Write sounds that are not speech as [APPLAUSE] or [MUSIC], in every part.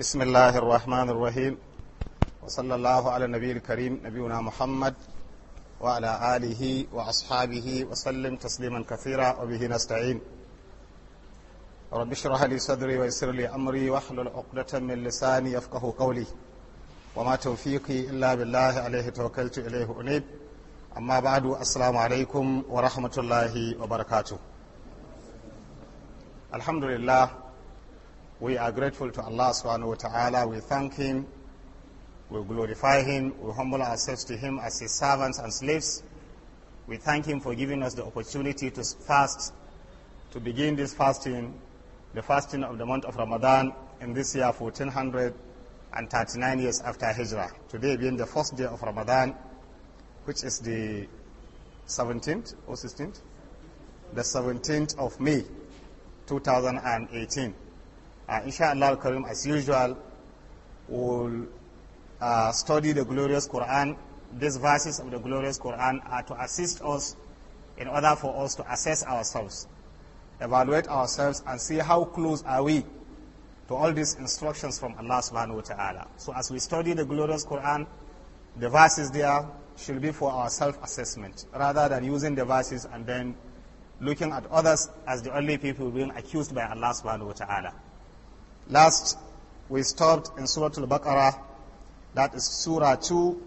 بسم الله الرحمن الرحيم وصلى الله على النبي الكريم نبينا محمد وعلى آله وأصحابه وسلم تسليما كثيرا وبه نستعين رب اشرح لي صدري ويسر لي أمري واحلل عقدة من لساني يفقه قولي وما توفيقي إلا بالله عليه توكلت إليه أنيب أما بعد السلام عليكم ورحمة الله وبركاته الحمد لله We are grateful to Allah subhanahu wa ta'ala. We thank Him. We glorify Him. We humble ourselves to Him as His servants and slaves. We thank Him for giving us the opportunity to fast, to begin this fasting, the fasting of the month of Ramadan in this year, 1439 years after Hijrah. Today being the first day of Ramadan, which is the 17th or 16th? The 17th of May, 2018. Uh, inshallah Karim, as usual, we'll uh, study the glorious Quran. These verses of the glorious Quran are to assist us in order for us to assess ourselves, evaluate ourselves, and see how close are we to all these instructions from Allah subhanahu wa ta'ala. So as we study the glorious Quran, the verses there should be for our self-assessment, rather than using the verses and then looking at others as the only people being accused by Allah subhanahu wa ta'ala. Last, we stopped in Surah Al-Baqarah, that is Surah 2,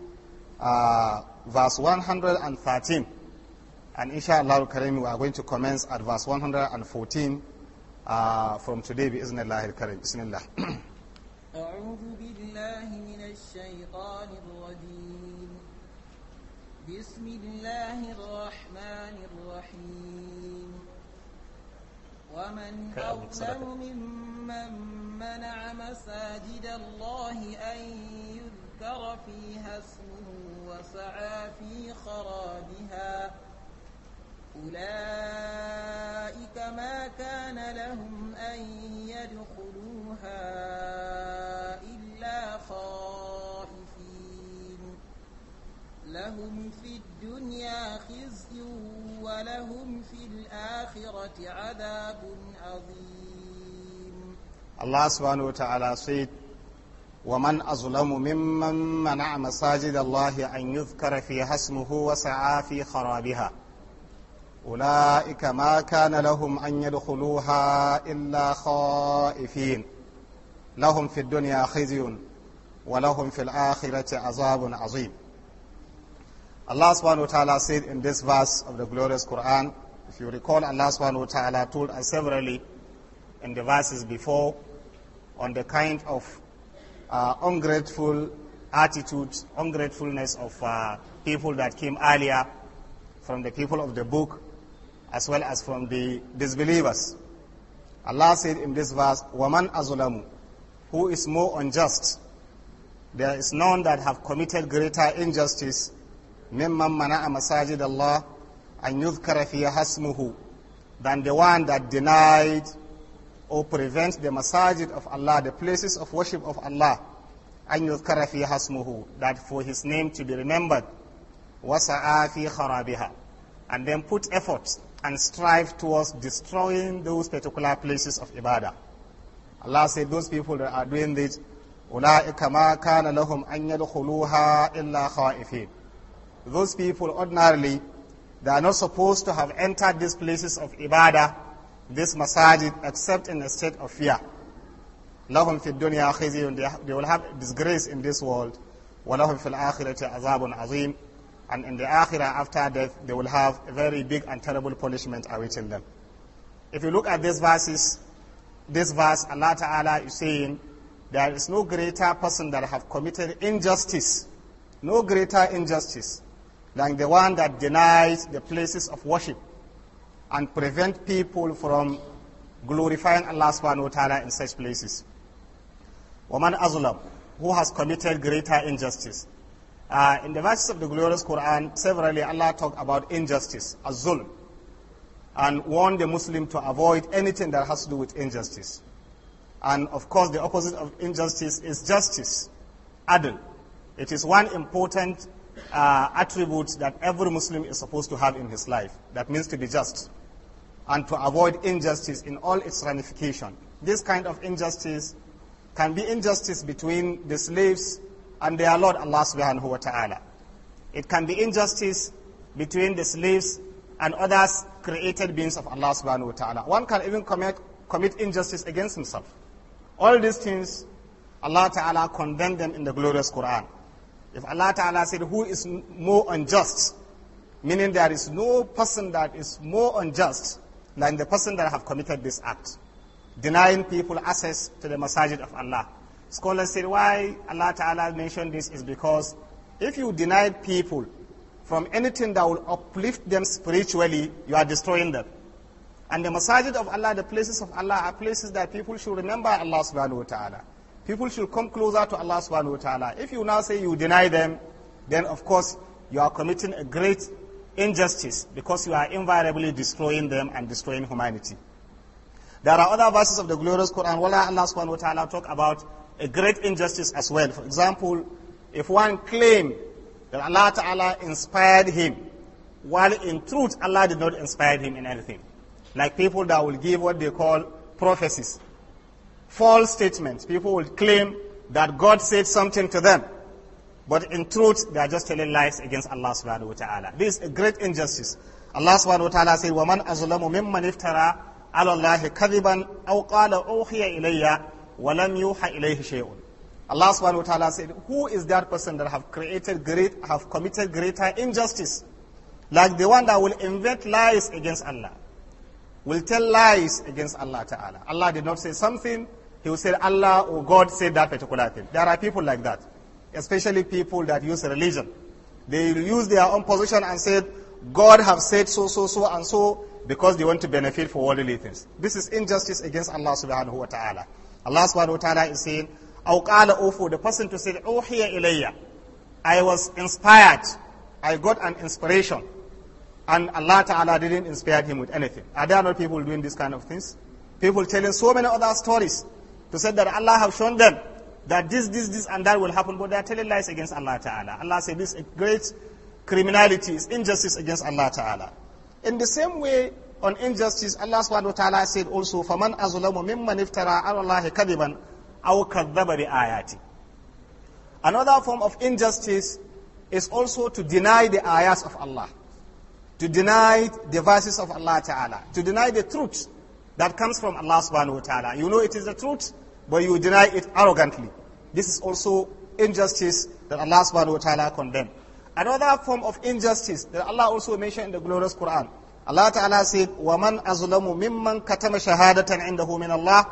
uh, verse 113. And inshallah al-Karim, we are going to commence at verse 114 uh, from today, Bismillah iznillah al-Karim. Bismillah. أعوذ بالله من الشيطان الرجيم بسم الله الرحمن الرحيم ومن أظلم ممن منع مساجد الله أن يذكر فيها اسمه وسعى في خرابها أولئك ما كان لهم أن يدخلوها إلا خائفين لهم في الدنيا خزي ولهم في الآخرة عذاب عظيم الله سبحانه وتعالى سيد ومن أظلم ممن منع مساجد الله أن يذكر فيها اسمه وسعى في خرابها أولئك ما كان لهم أن يدخلوها إلا خائفين لهم في الدنيا خزي ولهم في الآخرة عذاب عظيم Allah subhanahu wa ta'ala said in this verse of the glorious Quran, if you recall, Allah subhanahu wa ta'ala told us severally in the verses before on the kind of uh, ungrateful attitude, ungratefulness of uh, people that came earlier from the people of the book as well as from the disbelievers. Allah said in this verse, Waman azulamu, who is more unjust? There is none that have committed greater injustice ممن منع مساجد الله أن يذكر فيها اسمه than the one that denied or prevents the masajid of Allah, the places of worship of Allah, أن يذكر فيها اسمه that for his name to be remembered وسعى في خرابها and then put effort and strive towards destroying those particular places of ibadah. Allah said those people that are doing this أولئك ما كان لهم أن يدخلوها إلا خائفين those people ordinarily, they are not supposed to have entered these places of ibadah, this masajid, except in a state of fear. لهم في الدنيا خزي they will have disgrace in this world ولهم في الآخرة عذاب عظيم and in the akhirah after death they will have a very big and terrible punishment awaiting them. If you look at these verses, this verse Allah Ta'ala is saying there is no greater person that have committed injustice, no greater injustice than the one that denies the places of worship and prevent people from glorifying Allah subhanahu wa ta'ala in such places. Woman Azulam, who has committed greater injustice. Uh, in the verses of the glorious Quran, severally Allah talked about injustice, azul, and warned the Muslim to avoid anything that has to do with injustice. And of course, the opposite of injustice is justice, adl. It is one important uh, that every Muslim is supposed to have in his life. That means to be just and to avoid injustice in all its ramification. This kind of injustice can be injustice between the slaves and their Lord Allah subhanahu wa ta'ala. It can be injustice between the slaves and others created beings of Allah subhanahu wa ta'ala. One can even commit, commit injustice against himself. All these things, Allah ta'ala condemned them in the glorious Quran. If Allah Ta'ala said, who is more unjust? Meaning there is no person that is more unjust than the person that have committed this act. Denying people access to the masajid of Allah. Scholars say why Allah Ta'ala mentioned this is because if you deny people from anything that will uplift them spiritually, you are destroying them. And the masajid of Allah, the places of Allah are places that people should remember Allah subhanahu wa ta'ala people should come closer to Allah subhanahu wa ta'ala. If you now say you deny them, then of course you are committing a great injustice because you are invariably destroying them and destroying humanity. There are other verses of the glorious Quran where Allah subhanahu wa ta'ala talk about a great injustice as well. For example, if one claim that Allah ta'ala inspired him, while in truth Allah did not inspire him in anything. Like people that will give what they call prophecies false statements. People will claim that God said something to them. But in truth, they are just telling lies against Allah subhanahu wa ta'ala. This is a great injustice. Allah subhanahu wa ta'ala said, وَمَنْ أَظْلَمُ مِمَّنْ اِفْتَرَى عَلَى اللَّهِ كَذِبًا أَوْ قَالَ أُوحِيَ إِلَيَّ وَلَمْ يُوحَ إِلَيْهِ شَيْءٌ Allah subhanahu wa ta'ala said, who is that person that have created great, have committed greater injustice? Like the one that will invent lies against Allah, will tell lies against Allah ta'ala. Allah did not say something, he will say, Allah or God said that particular thing. There are people like that, especially people that use religion. They use their own position and say, God have said so, so, so, and so, because they want to benefit for worldly things. This is injustice against Allah subhanahu wa ta'ala. Allah subhanahu wa ta'ala is saying, أو قال أوفو, the person to say, Oh here, إليّ I was inspired. I got an inspiration. And Allah Ta'ala didn't inspire him with anything. Are there not people doing these kind of things? People telling so many other stories to say that Allah have shown them that this, this, this, and that will happen, but they are telling lies against Allah Ta'ala. Allah said this is a great criminality, is injustice against Allah Ta'ala. In the same way, on injustice, Allah subhanahu wa ta'ala said also, فَمَنْ أَظْلَمُ مِمَّنْ اِفْتَرَى عَلَى اللَّهِ كَذِبًا أَوْ كَذَّبَ بِآيَاتِ Another form of injustice is also to deny the ayahs of Allah, to deny the verses of Allah Ta'ala, to deny the truth that comes from Allah subhanahu wa ta'ala. You know it is the truth, but you deny it arrogantly. This is also injustice that Allah subhanahu wa ta'ala condemned. Another form of injustice that Allah also mentioned in the glorious Quran. Allah ta'ala said, وَمَنْ أَظْلَمُ مِمَّنْ كَتَمَ شَهَادَةً عِنْدَهُ مِنَ اللَّهِ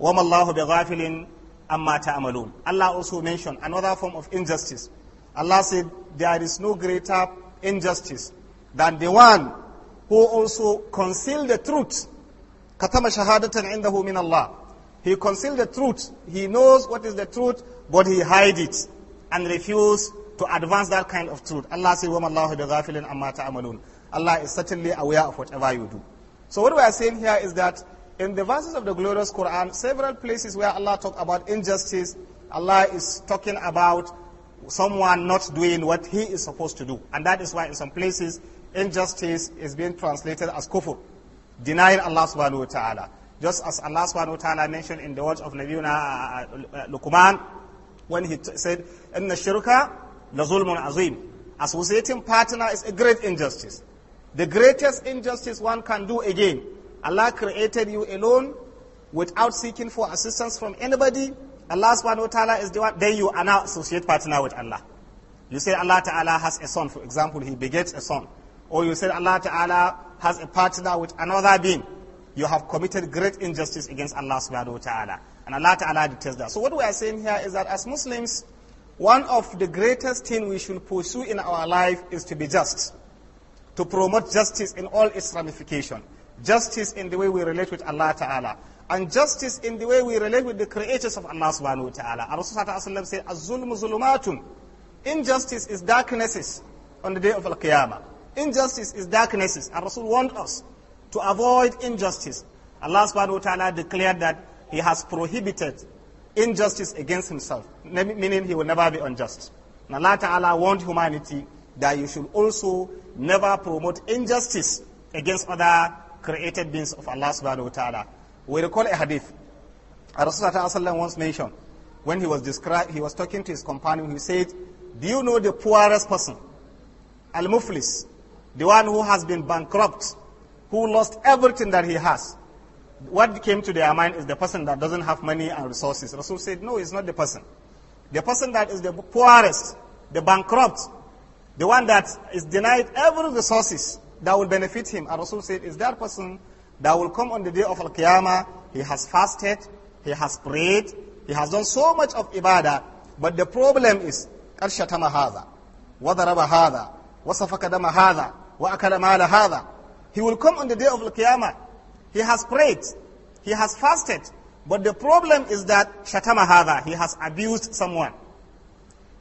وَمَا اللَّهُ بِغَافِلٍ أَمَّا تَعْمَلُونَ Allah also mentioned another form of injustice. Allah said, there is no greater injustice than the one who also concealed the truth. كَتَمَ شَهَادَةً عِنْدَهُ مِنَ اللَّهِ he conceals the truth. He knows what is the truth, but he hides it and refuses to advance that kind of truth. Allah says, Allah is certainly aware of whatever you do. So what we are saying here is that in the verses of the glorious Quran, several places where Allah talks about injustice, Allah is talking about someone not doing what he is supposed to do. And that is why in some places, injustice is being translated as kufr, denying Allah subhanahu wa ta'ala. Just as Allah subhanahu wa ta'ala mentioned in the words of Nabiuna uh, uh, Lukuman, when he said, "In the Shirkah, لَظُلْمٌ azim." Associating partner is a great injustice. The greatest injustice one can do again. Allah created you alone without seeking for assistance from anybody. Allah subhanahu wa ta'ala is the one. Then you are now associate partner with Allah. You say Allah ta'ala has a son. For example, he begets a son. Or you say Allah ta'ala has a partner with another being you have committed great injustice against Allah subhanahu wa ta'ala. And Allah ta'ala detests that. So what we are saying here is that as Muslims, one of the greatest things we should pursue in our life is to be just. To promote justice in all its ramification. Justice in the way we relate with Allah ta'ala. And justice in the way we relate with the creators of Allah subhanahu wa ta'ala. Our Rasulullah said, az zulumatun. Injustice is darknesses on the day of Al-Qiyamah. Injustice is darknesses. And Rasul warned us to avoid injustice. Allah subhanahu wa ta'ala declared that he has prohibited injustice against himself, meaning he will never be unjust. And Allah ta'ala warned humanity that you should also never promote injustice against other created beings of Allah subhanahu wa ta'ala. We recall a hadith. Rasulullah once mentioned, when he was described, he was talking to his companion, he said, do you know the poorest person? Al-Muflis, the one who has been bankrupt who lost everything that he has. What came to their mind is the person that doesn't have money and resources. Rasul said, no, it's not the person. The person that is the poorest, the bankrupt, the one that is denied every resources that will benefit him. And Rasul said, is that person that will come on the day of Al-Qiyamah. He has fasted, he has prayed, he has done so much of ibadah, but the problem is, أرشتم هذا وضرب هذا وصفك دم هذا وأكل مال he will come on the day of Al-Qiyamah. He has prayed. He has fasted. But the problem is that shatama he has abused someone.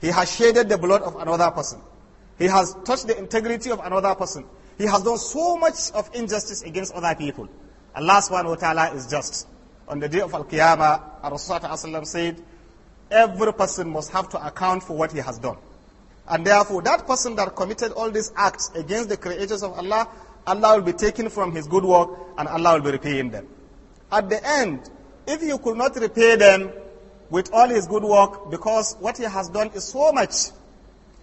He has shaded the blood of another person. He has touched the integrity of another person. He has done so much of injustice against other people. Allah subhanahu wa ta'ala is just. On the day of Al-Qiyamah, Rasulullah said, every person must have to account for what he has done. And therefore, that person that committed all these acts against the creators of Allah, Allah will be taking from his good work and Allah will be repaying them. At the end, if you could not repay them with all his good work because what he has done is so much,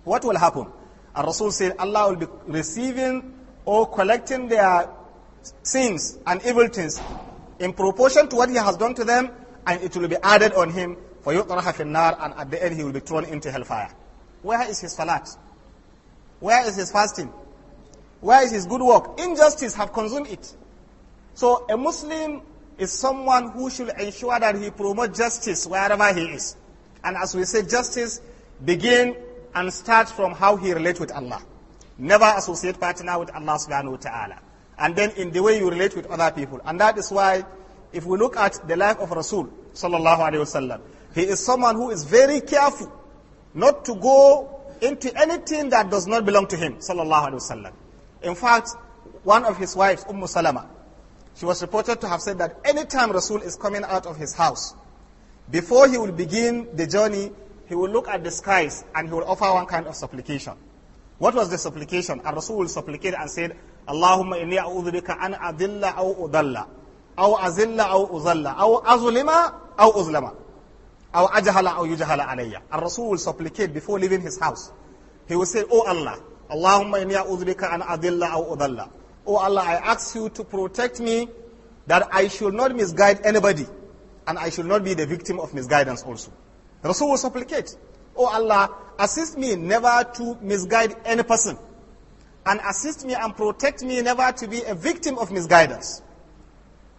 what will happen? And Rasul said Allah will be receiving or collecting their sins and evil things in proportion to what he has done to them and it will be added on him for yutraha finnar and at the end he will be thrown into hellfire. Where is his salat? Where is his fasting? Where is his good work? Injustice have consumed it. So a Muslim is someone who should ensure that he promotes justice wherever he is. And as we say, justice begin and start from how he relates with Allah. Never associate partner with Allah subhanahu wa ta'ala. And then in the way you relate with other people. And that is why if we look at the life of Rasul sallallahu alayhi wasallam, he is someone who is very careful not to go into anything that does not belong to him sallallahu alayhi wasallam. In fact, one of his wives, Umm Salama, she was reported to have said that anytime Rasul is coming out of his house, before he will begin the journey, he will look at the skies and he will offer one kind of supplication. What was the supplication? And Rasul will supplicate and said, Allahumma inni a'udhurika an adilla aw udalla, aw azilla aw uzalla, aw azulima aw uzlama, aw ajhala aw yujhala alayya. And Rasul will supplicate before leaving his house. He will say, Oh Allah, Allahumma inni a'udhubika an adilla aw udalla. Oh Allah, I ask you to protect me that I should not misguide anybody and I should not be the victim of misguidance also. The Rasul will supplicate, Oh Allah, assist me never to misguide any person and assist me and protect me never to be a victim of misguidance.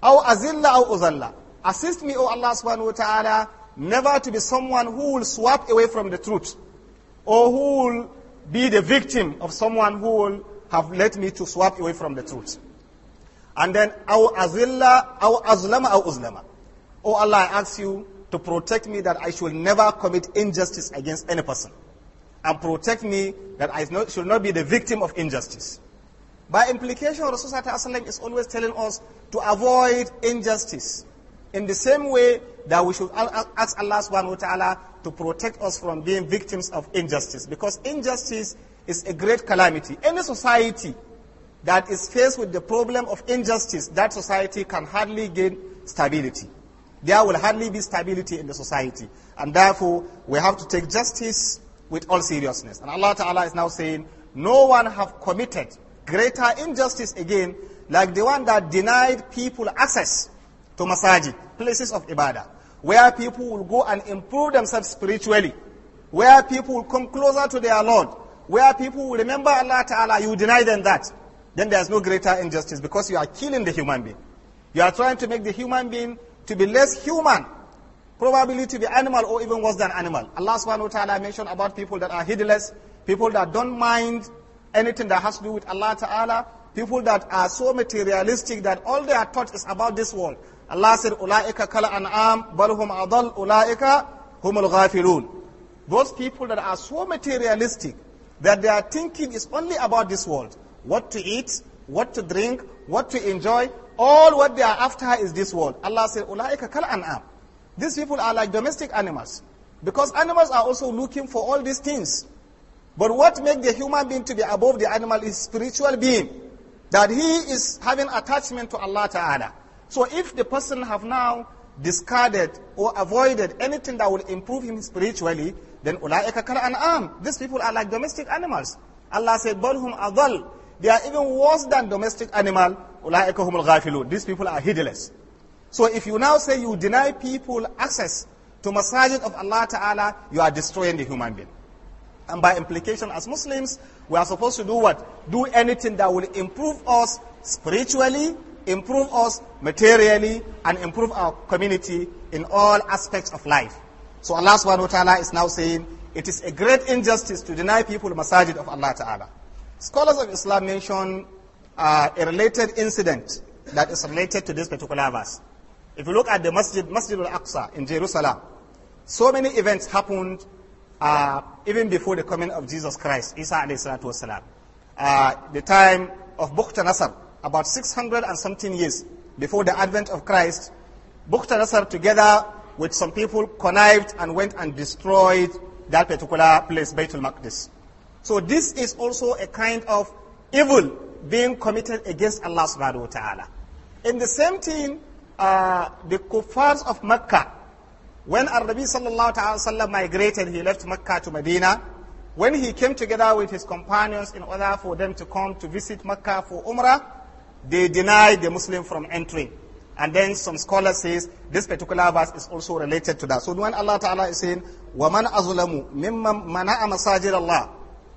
Aw azilla aw uzalla. Assist me, O oh Allah subhanahu wa ta'ala, never to be someone who will swap away from the truth or who will be the victim of someone who will have led me to swap away from the truth. And then, أو azilla, أو أظلم أو أظلم. Oh Allah, I ask you to protect me that I should never commit injustice against any person. And protect me that I should not be the victim of injustice. By implication, Rasulullah is always telling us to avoid injustice. In the same way that we should ask Allah subhanahu wa ta'ala to protect us from being victims of injustice. Because injustice is a great calamity. Any society that is faced with the problem of injustice, that society can hardly gain stability. There will hardly be stability in the society. And therefore, we have to take justice with all seriousness. And Allah Ta'ala is now saying, no one have committed greater injustice again like the one that denied people access to masajid, places of ibadah where people will go and improve themselves spiritually, where people will come closer to their Lord, where people will remember Allah Ta'ala, you deny them that, then there's no greater injustice because you are killing the human being. You are trying to make the human being to be less human, probably to be animal or even worse than animal. Allah subhanahu wa ta'ala mentioned about people that are heedless, people that don't mind anything that has to do with Allah ta'ala, people that are so materialistic that all their thought is about this world. Allah said, Ula'ika kal an'am, balhum adal, ula'ika humul ghafilun. Those people that are so materialistic that their thinking is only about this world. What to eat, what to drink, what to enjoy, all what they are after is this world. Allah said, Ula'ika kal an'am. These people are like domestic animals. Because animals are also looking for all these things. But what makes the human being to be above the animal is spiritual being. That he is having attachment to Allah Ta'ala. So if the person have now discarded or avoided anything that will improve him spiritually, then ulaika kal These people are like domestic animals. Allah said, "Balhum adal." They are even worse than domestic animal. Ulaika humul ghafilun. These people are heedless. So if you now say you deny people access to masajid of Allah Ta'ala, you are destroying the human being. And by implication, as Muslims, we are supposed to do what? Do anything that will improve us spiritually, improve us materially and improve our community in all aspects of life. So Allah subhanahu wa ta'ala is now saying, it is a great injustice to deny people the masajid of Allah ta'ala. Scholars of Islam mention uh, a related incident that is related to this particular verse. If you look at the masjid, Masjid al-Aqsa in Jerusalem, so many events happened uh, even before the coming of Jesus Christ, Isa alayhi salatu Uh, the time of Bukhta Nasr, about 600 and something years before the advent of Christ, Bukhtarasar together with some people connived and went and destroyed that particular place, Baitul Maqdis. So this is also a kind of evil being committed against Allah subhanahu wa ta'ala. In the same thing, uh, the kuffars of Mecca, when Arabi sallallahu alayhi wa migrated, he left Mecca to Medina. When he came together with his companions in order for them to come to visit Mecca for Umrah, they deny the Muslim from entering. And then some scholar says this particular verse is also related to that. So when Allah Ta'ala is saying, وَمَنْ أَظْلَمُ مِمَّنْ مَنَعَ مَسَاجِدَ اللَّهِ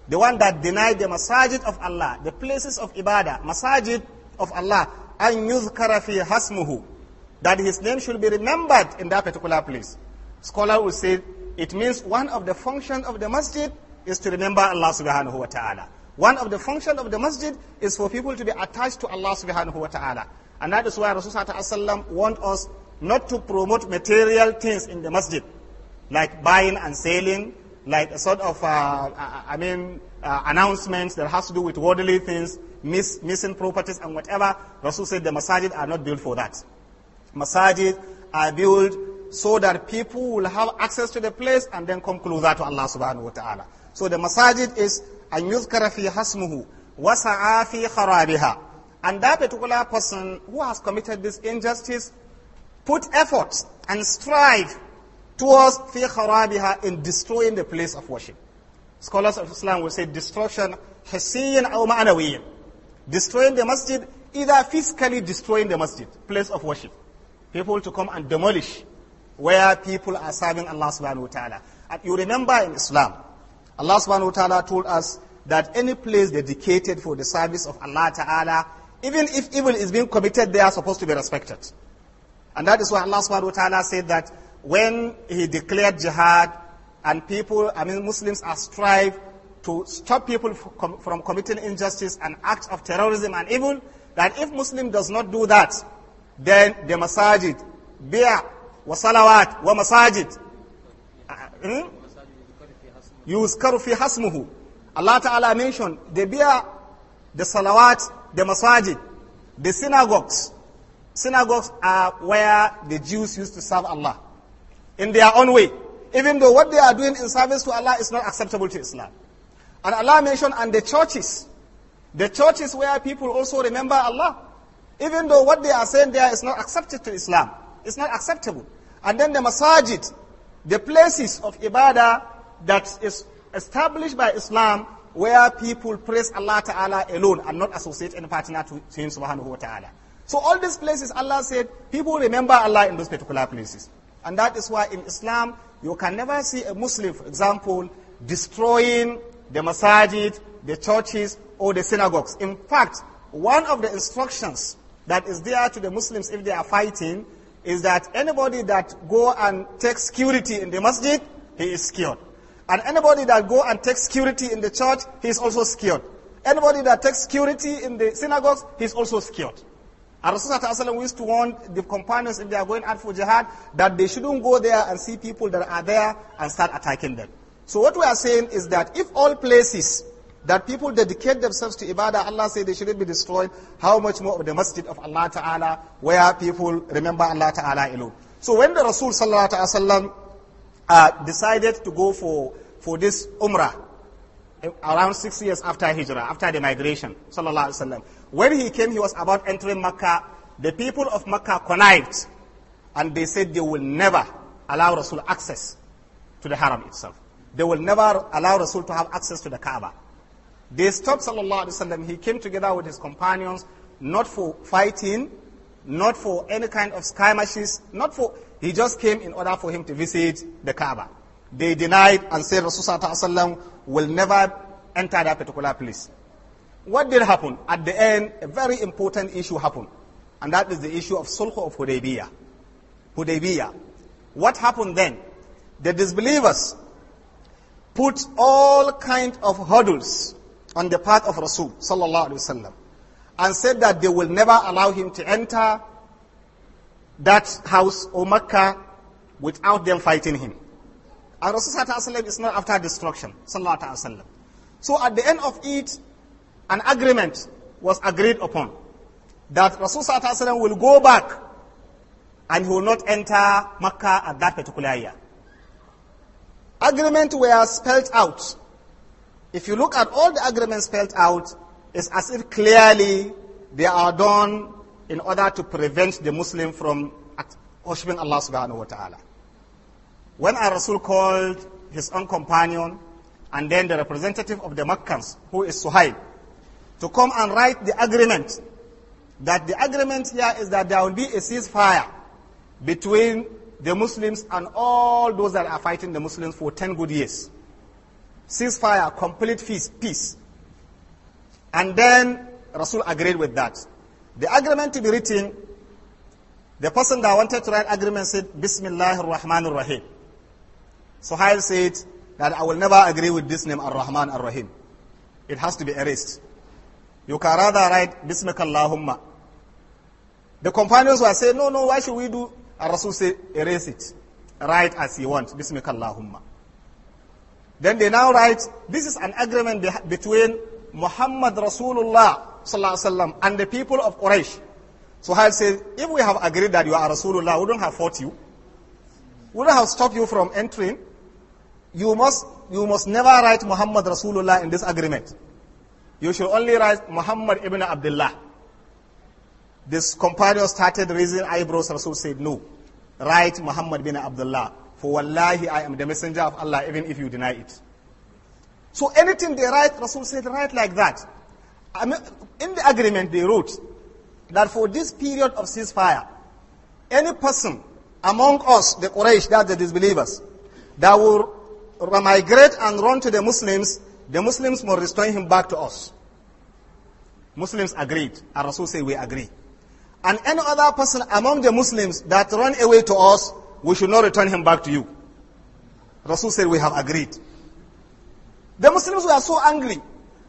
The one that denied the masajid of Allah, the places of ibadah, masajid of Allah, أَنْ يُذْكَرَ فِي hasmuhu, That his name should be remembered in that particular place. Scholar will say, it means one of the functions of the masjid is to remember Allah subhanahu wa ta'ala. One of the functions of the masjid is for people to be attached to Allah subhanahu wa ta'ala. And that is why Rasulullah warned us not to promote material things in the masjid, like buying and selling, like a sort of, uh, uh I mean, uh, announcements that has to do with worldly things, miss, missing properties and whatever. Rasul said the masajid are not built for that. Masajid are built so that people will have access to the place and then come closer to Allah subhanahu wa ta'ala. So the masajid is and yuzkara fi hasmuhu wasa'a fi kharabiha. And that particular person who has committed this injustice put effort and strive towards fi kharabiha in destroying the place of worship. Scholars of Islam will say destruction hissiyin aw ma'nawiyin. Destroying the masjid, either physically destroying the masjid, place of worship. People to come and demolish where people are serving Allah subhanahu wa ta'ala. And you remember in Islam, Allah subhanahu wa ta'ala told us that any place dedicated for the service of Allah ta'ala, even if evil is being committed, they are supposed to be respected. And that is why Allah subhanahu wa ta'ala said that when He declared jihad and people, I mean Muslims are strive to stop people from committing injustice and acts of terrorism and evil, that if Muslim does not do that, then the masajid, bi'a, wa salawat, wa masajid, uh, hmm? yuskaru Karufi hasmuhu. Allah Ta'ala mentioned the beer, the salawat, the masajid, the synagogues. Synagogues are where the Jews used to serve Allah in their own way, even though what they are doing in service to Allah is not acceptable to Islam. And Allah mentioned, and the churches, the churches where people also remember Allah, even though what they are saying there is not accepted to Islam, it's not acceptable. And then the masajid, the places of ibadah that is established by Islam where people praise Allah Ta'ala alone and not associate any partner to, to Him Subhanahu wa Ta'ala. So all these places Allah said, people remember Allah in those particular places. And that is why in Islam, you can never see a Muslim, for example, destroying the masajid, the churches, or the synagogues. In fact, one of the instructions that is there to the Muslims if they are fighting is that anybody that go and takes security in the masjid, he is killed. And anybody that go and take security in the church, he is also scared. Anybody that takes security in the synagogues, he is also scared. And Rasulullah used to warn the companions if they are going out for jihad that they shouldn't go there and see people that are there and start attacking them. So what we are saying is that if all places that people dedicate themselves to ibadah, Allah said they shouldn't be destroyed, how much more of the masjid of Allah Ta'ala where people remember Allah Ta'ala alone. So when the Rasul Sallallahu Alaihi Wasallam uh, decided to go for, for this Umrah eh, around six years after Hijrah, after the migration, sallallahu alayhi wasallam. When he came, he was about entering Makkah. The people of Makkah connived, and they said they will never allow Rasul access to the Haram itself. They will never allow Rasul to have access to the Kaaba. They stopped sallallahu alayhi wasallam. He came together with his companions, not for fighting, not for any kind of skirmishes, not for he just came in order for him to visit the Kaaba. They denied and said Rasulullah will never enter that particular place. What did happen? At the end, a very important issue happened. And that is the issue of Sulh of Hudaybiyah. Hudaybiyah. What happened then? The disbelievers put all kind of hurdles on the path of Rasul sallallahu alaihi wasallam and said that they will never allow him to enter that house or Mecca without them fighting him. And Rasulullah is not after destruction. So at the end of it, an agreement was agreed upon that Rasulullah will go back and he will not enter Mecca at that particular year. Agreement were spelled out. If you look at all the agreements spelled out, it's as if clearly they are done in order to prevent the Muslim from worshipping Allah subhanahu wa ta'ala. When our Rasul called his own companion and then the representative of the Makkans, who is Suhail, to come and write the agreement, that the agreement here is that there will be a ceasefire between the Muslims and all those that are fighting the Muslims for 10 good years. Ceasefire, complete peace, peace. And then Rasul agreed with that. The agreement to be written, the person that wanted to write agreement said, "Bismillah, ar-Rahman, ar Rahim. So he said that I will never agree with this name, Ar-Rahman Ar-Rahim. It has to be erased. You can rather write, Bismikallahumma. The companions were saying, no, no, why should we do? And Rasul said, erase it. Write as you want, Bismikallahumma. Then they now write, this is an agreement between Muhammad Rasulullah وسلم, and the people of Quraysh. So I said, if we have agreed that you are Rasulullah, we don't have fought you. We don't have stopped you from entering. You must, you must never write Muhammad Rasulullah in this agreement. You should only write Muhammad ibn Abdullah. This companion started raising eyebrows. Rasul said, no, write Muhammad bin Abdullah. For wallahi, I am the messenger of Allah, even if you deny it. So anything they write, Rasul said, write like that in the agreement they wrote that for this period of ceasefire, any person among us, the Quraysh, that the disbelievers, that will migrate and run to the Muslims, the Muslims will return him back to us. Muslims agreed. Rasul said, we agree. And any other person among the Muslims that run away to us, we should not return him back to you. Rasul said, we have agreed. The Muslims were so angry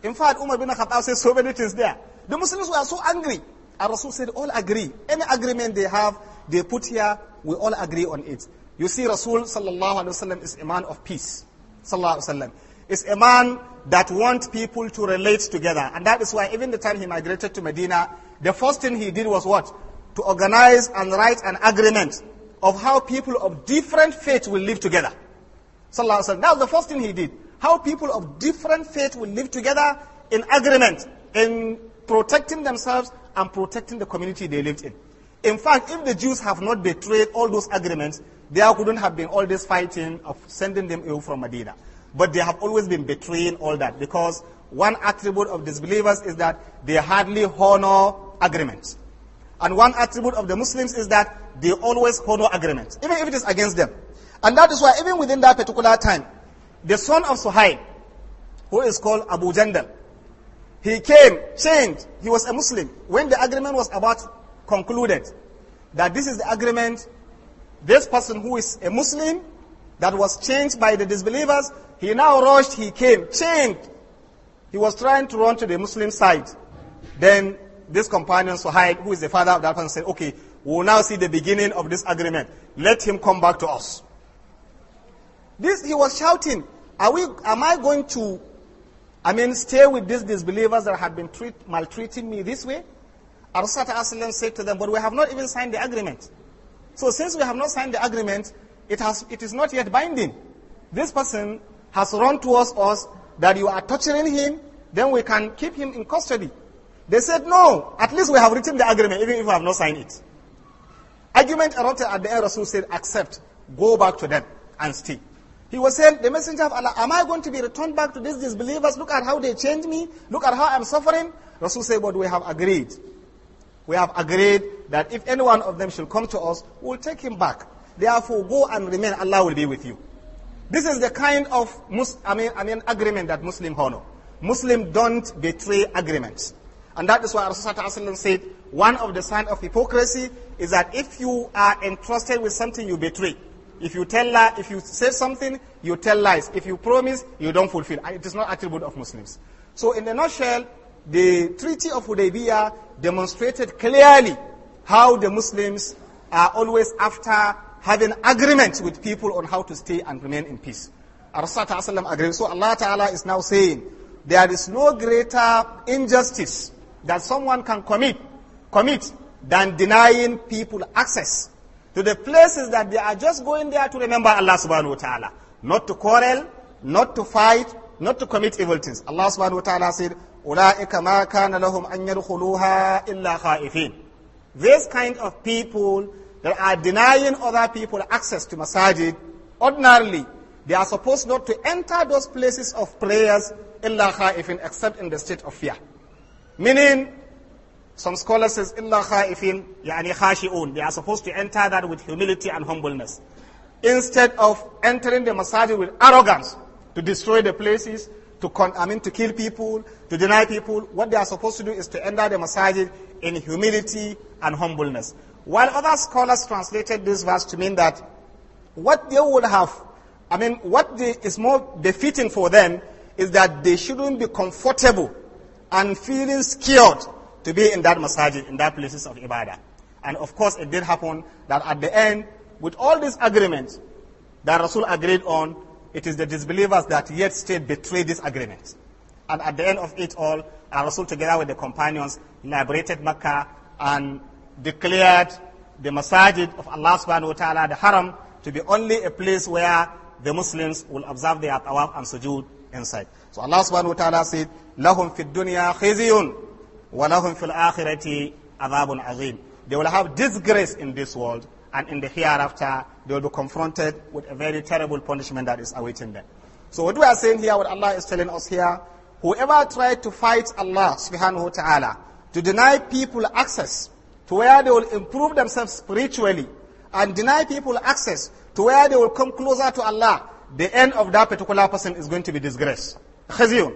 in fact, Umar bin Khattab says so many things there. The Muslims were so angry. And Rasul said, all agree. Any agreement they have, they put here, we all agree on it. You see, Rasul sallallahu alayhi wa is a man of peace. Sallallahu alayhi wa sallam. Is a man that wants people to relate together. And that is why even the time he migrated to Medina, the first thing he did was what? To organize and write an agreement of how people of different faith will live together. Sallallahu alayhi wa That was the first thing he did how people of different faith will live together in agreement, in protecting themselves and protecting the community they lived in. In fact, if the Jews have not betrayed all those agreements, there couldn't have been all this fighting of sending them away from Medina. But they have always been betraying all that because one attribute of disbelievers is that they hardly honor agreements. And one attribute of the Muslims is that they always honor agreements, even if it is against them. And that is why even within that particular time, the son of Suhaib, who is called Abu Jandal. He came, changed, he was a Muslim. When the agreement was about concluded, that this is the agreement, this person who is a Muslim, that was changed by the disbelievers, he now rushed, he came, changed. He was trying to run to the Muslim side. Then this companion Suhaib, who is the father of that person, said, okay, we will now see the beginning of this agreement. Let him come back to us. This, he was shouting, are we, am I going to, I mean, stay with these disbelievers that have been treat, maltreating me this way? Arsat Aslan said to them, but we have not even signed the agreement. So since we have not signed the agreement, it, has, it is not yet binding. This person has run towards us that you are torturing him, then we can keep him in custody. They said, no, at least we have written the agreement, even if we have not signed it. Argument erupted at the end, Rasul said, accept, go back to them and stay. He was saying, the messenger of Allah, am I going to be returned back to these disbelievers? Look at how they changed me. Look at how I'm suffering. Rasul said, but we have agreed. We have agreed that if any one of them should come to us, we'll take him back. Therefore, go and remain. Allah will be with you. This is the kind of Mus I mean, I mean agreement that Muslim honor. Muslim don't betray agreements. And that is why Rasul said, one of the signs of hypocrisy is that if you are entrusted with something you betray, if you tell lie, if you say something, you tell lies. If you promise, you don't fulfill. It is not attribute of Muslims. So in a nutshell, the Treaty of Hudaybiyah demonstrated clearly how the Muslims are always after having agreement with people on how to stay and remain in peace. Rasulullah agreed. So Allah Ta'ala is now saying, there is no greater injustice that someone can commit, commit than denying people access to the places that they are just going there to remember Allah subhanahu wa ta'ala, not to quarrel, not to fight, not to commit evil things. Allah subhanahu wa ta'ala said, أُولَٰئِكَ مَا كَانَ لَهُمْ أَن يَدْخُلُوهَا إِلَّا خَائِفِينَ These kind of people that are denying other people access to masajid, ordinarily, they are supposed not to enter those places of prayers إِلَّا خَائِفِينَ except in the state of fear. Meaning, some scholars says, إِلَّا خَائِفِينَ يعني خَاشِئُونَ They are supposed to enter that with humility and humbleness. Instead of entering the masjid with arrogance to destroy the places, to con I mean to kill people, to deny people, what they are supposed to do is to enter the masjid in humility and humbleness. While other scholars translated this verse to mean that what they would have, I mean, what they, is more befitting for them is that they shouldn't be comfortable and feeling scared to be in that masajid, in that places of ibadah. And of course, it did happen that at the end, with all these agreements that Rasul agreed on, it is the disbelievers that yet still betrayed this agreement. And at the end of it all, Rasul together with the companions liberated Mecca and declared the masajid of Allah subhanahu wa ta'ala, the haram, to be only a place where the Muslims will observe their tawaf and sujood inside. So Allah subhanahu wa ta'ala said, لَهُمْ فِي الدُّنْيَا خِزِيٌّ وَلَهُمْ فِي الْآخِرَةِ عَذَابٌ عَظِيمٌ They will have disgrace in this world and in the hereafter they will be confronted with a very terrible punishment that is awaiting them. So what we are saying here, what Allah is telling us here, whoever tried to fight Allah subhanahu wa ta'ala, to deny people access to where they will improve themselves spiritually and deny people access to where they will come closer to Allah, the end of that particular person is going to be disgrace. Khaziyun.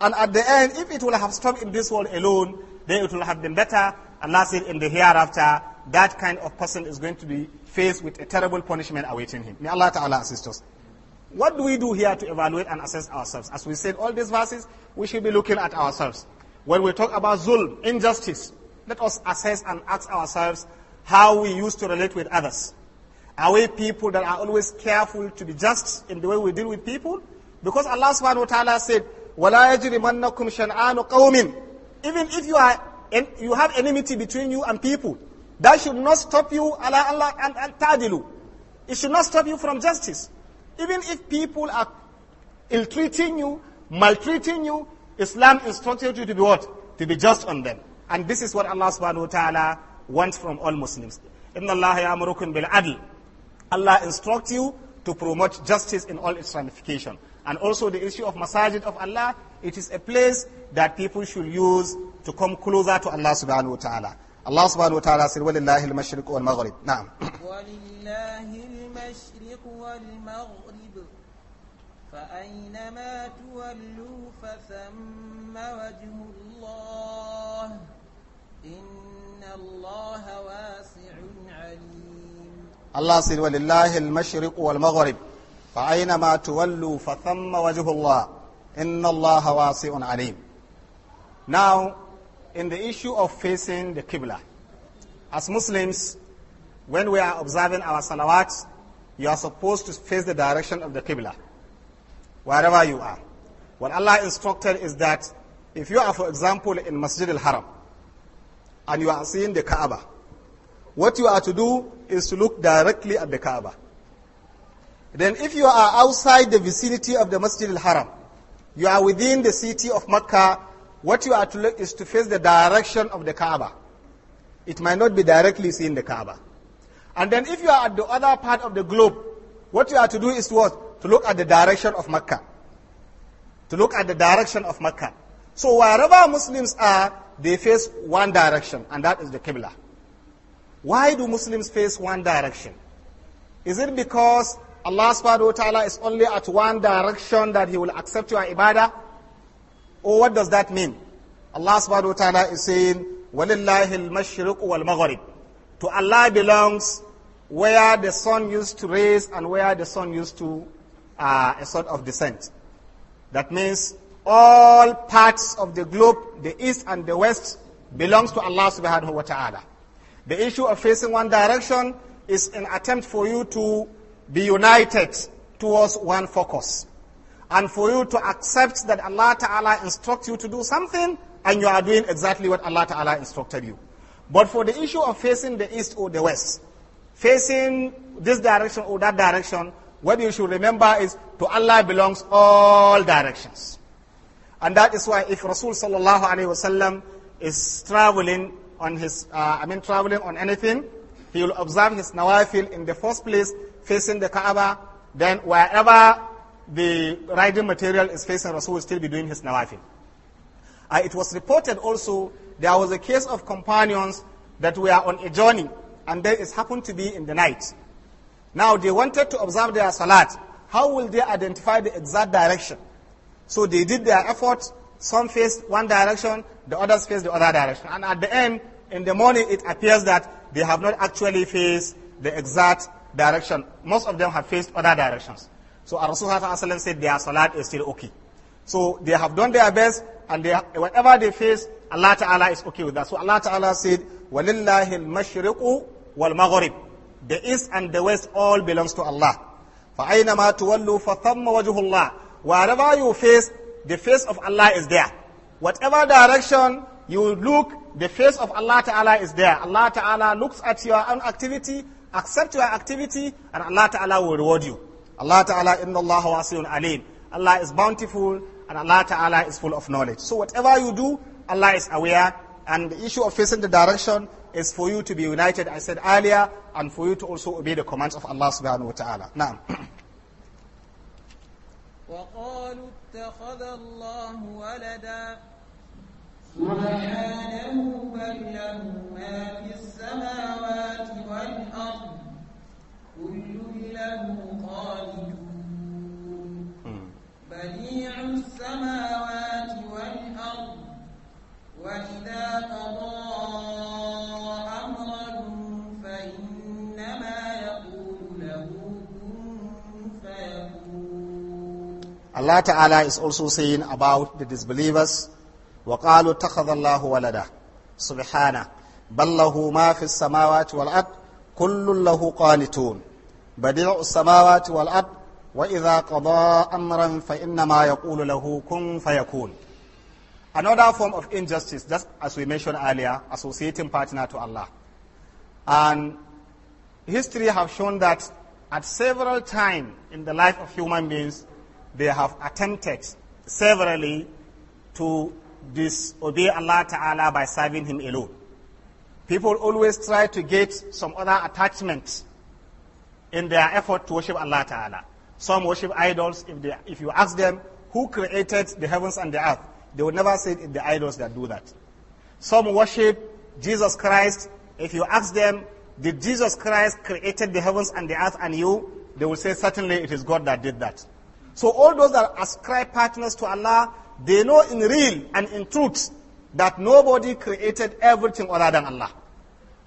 And at the end, if it will have stopped in this world alone, then it will have been better. And lastly, in the hereafter, that kind of person is going to be faced with a terrible punishment awaiting him. May Allah Ta'ala assist us. What do we do here to evaluate and assess ourselves? As we said, all these verses, we should be looking at ourselves. When we talk about zulm, injustice, let us assess and ask ourselves how we used to relate with others. Are we people that are always careful to be just in the way we deal with people? Because Allah subhanahu wa ta'ala said, وَلَا يَجْرِمَنَّكُمْ شَنْعَانُ قَوْمٍ Even if you, are, you have enmity between you and people, that should not stop you, Allah, Allah, and, and tadilu. It should not stop you from justice. Even if people are ill-treating you, maltreating you, Islam instructed you to be what? To be just on them. And this is what Allah subhanahu wa ta'ala wants from all Muslims. Inna Allah ya'murukum bil adl. Allah instructs you to promote justice in all its ramifications. And also the issue of masajid of Allah, it is a place that people should use to come closer to Allah subhanahu wa ta'ala. Allah subhanahu wa ta'ala said, وَلِلَّهِ الْمَشْرِقُ وَالْمَغْرِبُ نعم وَلِلَّهِ الْمَشْرِقُ وَالْمَغْرِبُ فأينما تولوا فثم وجه الله إن الله واسع عليم الله said وَلِلَّهِ الْمَشْرِقُ وَالْمَغْرِبُ فأينما تولوا فثم وجه الله إن الله واسع عليم Now, in the issue of facing the Qibla, as Muslims, when we are observing our salawats, you are supposed to face the direction of the Qibla, wherever you are. What Allah instructed is that if you are, for example, in Masjid al-Haram, and you are seeing the Kaaba, what you are to do is to look directly at the Kaaba. Then if you are outside the vicinity of the Masjid al-Haram, you are within the city of Mecca, what you are to look is to face the direction of the Kaaba. It might not be directly seeing the Kaaba. And then if you are at the other part of the globe, what you are to do is what? To look at the direction of Mecca. To look at the direction of Mecca. So wherever Muslims are, they face one direction, and that is the Qibla. Why do Muslims face one direction? Is it because Allah subhanahu wa ta'ala is only at one direction that He will accept your ibadah? Or oh, what does that mean? Allah subhanahu wa ta'ala is saying, وَلِلَّهِ الْمَشْرِقُ وَالْمَغْرِبُ To Allah belongs where the sun used to rise and where the sun used to uh, a sort of descent. That means all parts of the globe, the east and the west, belongs to Allah subhanahu wa ta'ala. The issue of facing one direction is an attempt for you to be united towards one focus. And for you to accept that Allah Ta'ala instructs you to do something and you are doing exactly what Allah Ta'ala instructed you. But for the issue of facing the east or the west, facing this direction or that direction, what you should remember is to Allah belongs all directions. And that is why if Rasul sallallahu alayhi wasallam is traveling on his, uh, I mean traveling on anything, he will observe his nawafil in the first place facing the Kaaba, then wherever the riding material is facing, Rasul will still be doing his nawafil. Uh, it was reported also there was a case of companions that were on a journey, and then it happened to be in the night. Now they wanted to observe their salat. How will they identify the exact direction? So they did their effort. Some faced one direction, the others faced the other direction. And at the end, in the morning, it appears that they have not actually faced the exact direction. Most of them have faced other directions. So Rasulullah said their salat is still okay. So they have done their best and they, whatever they face, Allah Ta'ala is okay with that. So Allah Ta'ala said, وَلِلَّهِ الْمَشْرِقُ وَالْمَغْرِبِ The east and the west all belongs to Allah. فَأَيْنَمَا تُوَلُّوا فَثَمَّ وَجْهُ اللَّهِ Wherever you face, the face of Allah is there. Whatever direction you look, the face of Allah Ta'ala is there. Allah Ta'ala looks at your own activity Accept your activity and Allah Ta'ala will reward you. Allah Ta'ala inna Allah wasi'un alim. Allah is bountiful and Allah Ta'ala is full of knowledge. So whatever you do, Allah is aware and the issue of facing the direction is for you to be united, I said earlier, and for you to also obey the commands of Allah subhanahu wa ta'ala. Now. [COUGHS] وقالوا اتخذ الله ولدا سبحانه بل له ما في السماوات والأرض كل له قانتون بديع السماوات والأرض وإذا قضى أمرا فإنما يقول له كن فيكون Allah Ta'ala is also saying about the disbelievers وقالوا اتخذ الله ولدا سبحانه بل له ما في السماوات والأرض كل له قانتون بديع السماوات والأرض وإذا قضى أمرا فإنما يقول له كن فيكون Another form of injustice, just as we mentioned earlier, associating partner to Allah. And history have shown that at several times in the life of human beings, they have attempted severally to disobey Allah Ta'ala by serving Him alone. People always try to get some other attachment in their effort to worship Allah Ta'ala. Some worship idols. If, they, if you ask them who created the heavens and the earth, they will never say it's the idols that do that. Some worship Jesus Christ. If you ask them, did Jesus Christ created the heavens and the earth and you? They will say, certainly it is God that did that. So all those that ascribe partners to Allah, they know in real and in truth that nobody created everything other than Allah.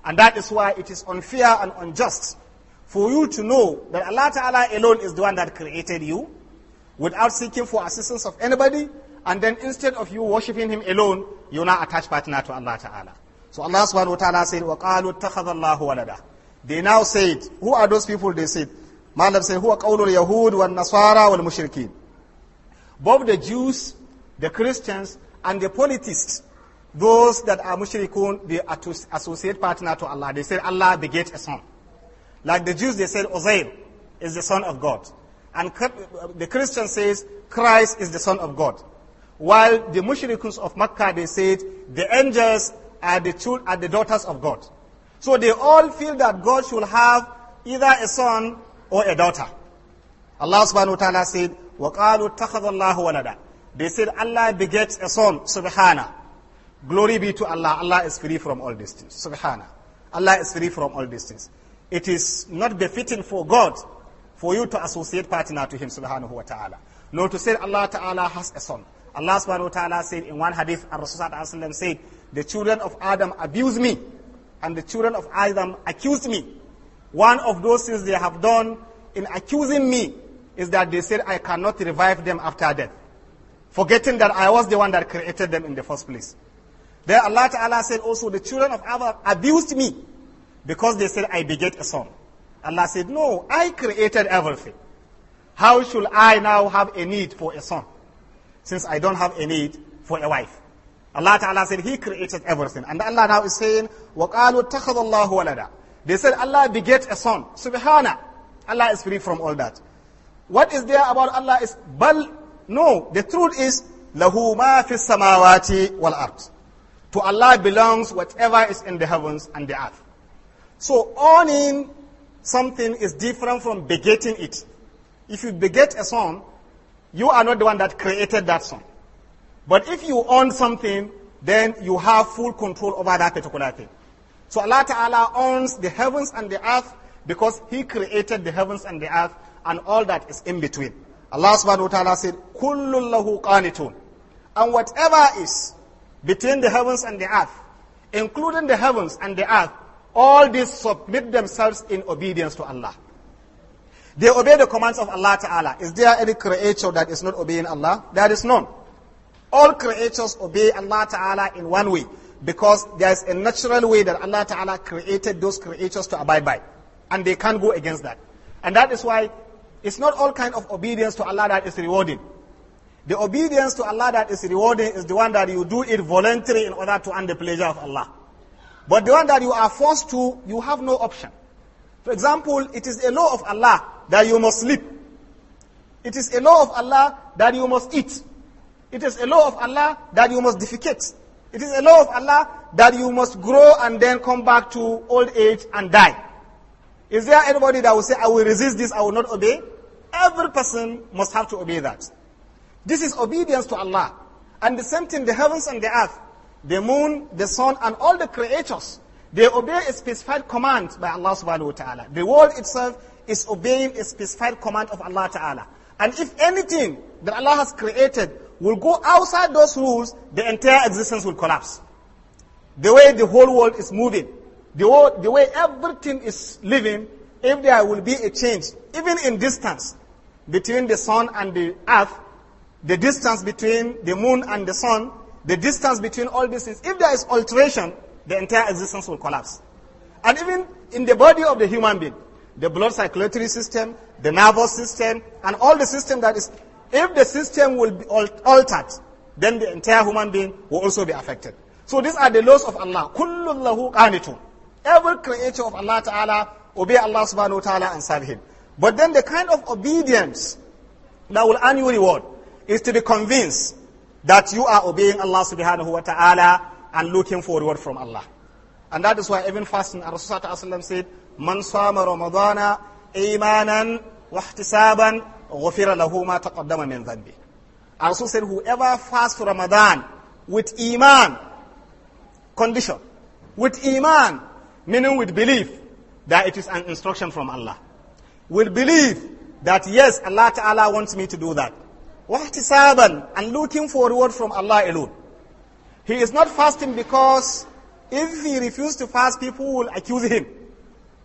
And that is why it is unfair and unjust for you to know that Allah Ta'ala alone is the one that created you without seeking for assistance of anybody. And then instead of you worshipping Him alone, you now attach partner to Allah Ta'ala. So Allah Subhanahu wa Ta'ala said, وَقَالُوا اتَّخَذَ اللَّهُ وَلَدًا They now said, who are those people they said? Malam said, who are قَوْلُ الْيَهُودِ وَالنَّصَارَى وَالْمُشْرِكِينَ Both the Jews the Christians and the politists, those that are mushrikun, they associate partner to Allah. They say Allah beget a son. Like the Jews, they said Uzair is the son of God. And the Christian says Christ is the son of God. While the mushrikun of Makkah, they said the angels are the, children, are the daughters of God. So they all feel that God should have either a son or a daughter. Allah subhanahu wa ta'ala said, وَقَالُوا اتَّخَذَ اللَّهُ وَلَدًا they said Allah begets a son, subhana. Glory be to Allah. Allah is free from all these things. Subhana. Allah is free from all these things. It is not befitting for God for you to associate partner to him, subhanahu wa ta'ala. Nor to say Allah ta'ala has a son. Allah subhanahu wa ta'ala said in one hadith, Rasulullah said, the children of Adam abuse me, and the children of Adam accuse me. One of those things they have done in accusing me is that they said I cannot revive them after death forgetting that I was the one that created them in the first place. There Allah Ta'ala said also, the children of Adam abused me because they said, I beget a son. Allah said, no, I created everything. How should I now have a need for a son? Since I don't have a need for a wife. Allah Ta'ala said, He created everything. And Allah now is saying, وَقَالُوا اتَّخَذَ اللَّهُ وَلَدًا They said, Allah beget a son. Subhana, Allah is free from all that. What is there about Allah is, بَلْ no, the truth is, lahu ma fi samawati wal To Allah belongs whatever is in the heavens and the earth. So owning something is different from begetting it. If you beget a son, you are not the one that created that son. But if you own something, then you have full control over that particular thing. So Allah Ta'ala owns the heavens and the earth because He created the heavens and the earth and all that is in between. Allah subhanahu wa ta'ala said, Kullun lahu qanitun. And whatever is between the heavens and the earth, including the heavens and the earth, all these submit themselves in obedience to Allah. They obey the commands of Allah Ta'ala. Is there any creature that is not obeying Allah? There is none. All creatures obey Allah Ta'ala in one way because there is a natural way that Allah Ta'ala created those creatures to abide by. And they can't go against that. And that is why it's not all kind of obedience to Allah that is rewarding. The obedience to Allah that is rewarding is the one that you do it voluntarily in order to earn the pleasure of Allah. But the one that you are forced to, you have no option. For example, it is a law of Allah that you must sleep. It is a law of Allah that you must eat. It is a law of Allah that you must defecate. It is a law of Allah that you must grow and then come back to old age and die. Is there anybody that will say, I will resist this, I will not obey? Every person must have to obey that. This is obedience to Allah. And the same thing, the heavens and the earth, the moon, the sun, and all the creators they obey a specified command by Allah subhanahu wa ta'ala. The world itself is obeying a specified command of Allah ta'ala. And if anything that Allah has created will go outside those rules, the entire existence will collapse. The way the whole world is moving. The, whole, the way everything is living, if there will be a change, even in distance between the sun and the earth, the distance between the moon and the sun, the distance between all these things, if there is alteration, the entire existence will collapse. And even in the body of the human being, the blood circulatory system, the nervous system, and all the system that is, if the system will be altered, then the entire human being will also be affected. So these are the laws of Allah every creature of Allah Ta'ala, obey Allah Subhanahu wa Ta'ala and serve Him. But then the kind of obedience that will earn you reward is to be convinced that you are obeying Allah Subhanahu wa Ta'ala and looking for reward from Allah. And that is why even fasting, Rasulullah said, Man sama Ramadana imanan wahtisaban ghufira lahu ma taqaddama min dhanbi. Rasul said, whoever fasts Ramadan with iman, condition, with iman, meaning with belief that it is an instruction from Allah. Will believe that yes, Allah Ta'ala wants me to do that. What is Wahtisaban, and looking for reward from Allah alone. He is not fasting because if he refuses to fast, people will accuse him.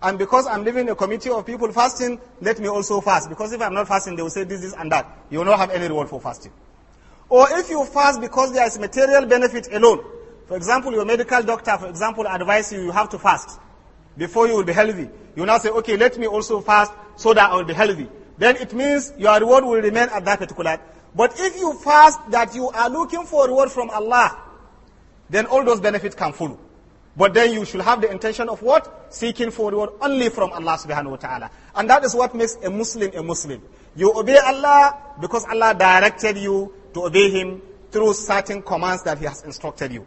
And because I'm leaving a committee of people fasting, let me also fast. Because if I'm not fasting, they will say this, this, and that. You will not have any reward for fasting. Or if you fast because there is material benefit alone, for example, your medical doctor, for example, advises you you have to fast before you will be healthy. You now say, okay, let me also fast so that I will be healthy. Then it means your reward will remain at that particular. But if you fast that you are looking for reward from Allah, then all those benefits can follow. But then you should have the intention of what? Seeking for reward only from Allah subhanahu wa ta'ala. And that is what makes a Muslim a Muslim. You obey Allah because Allah directed you to obey Him through certain commands that He has instructed you.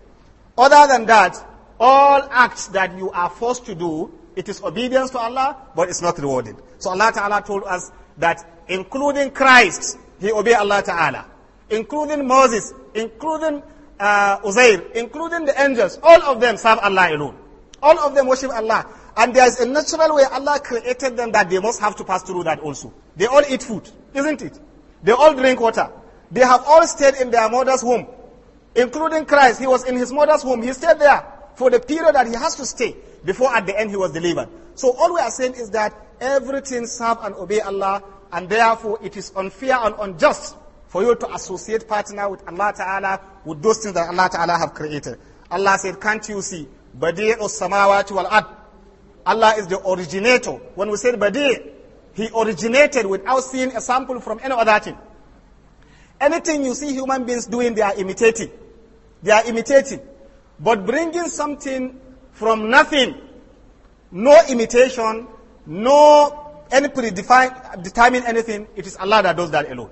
Other than that, all acts that you are forced to do, it is obedience to Allah, but it's not rewarded. So Allah Ta'ala told us that including Christ, he obeyed Allah Ta'ala. Including Moses, including uh, Uzair, including the angels, all of them serve Allah alone. All of them worship Allah. And there is a natural way Allah created them that they must have to pass through that also. They all eat food, isn't it? They all drink water. They have all stayed in their mother's womb including Christ. He was in his mother's womb. He stayed there for the period that he has to stay before at the end he was delivered. So all we are saying is that everything serve and obey Allah and therefore it is unfair and unjust for you to associate partner with Allah Ta'ala with those things that Allah Ta'ala have created. Allah said, can't you see? Badi'u samawati wal Allah is the originator. When we said Badi', He originated without seeing a sample from any other thing. Anything you see human beings doing, they are imitating. They are imitating. But bringing something from nothing, no imitation, no any predefined, determine anything, it is Allah that does that alone.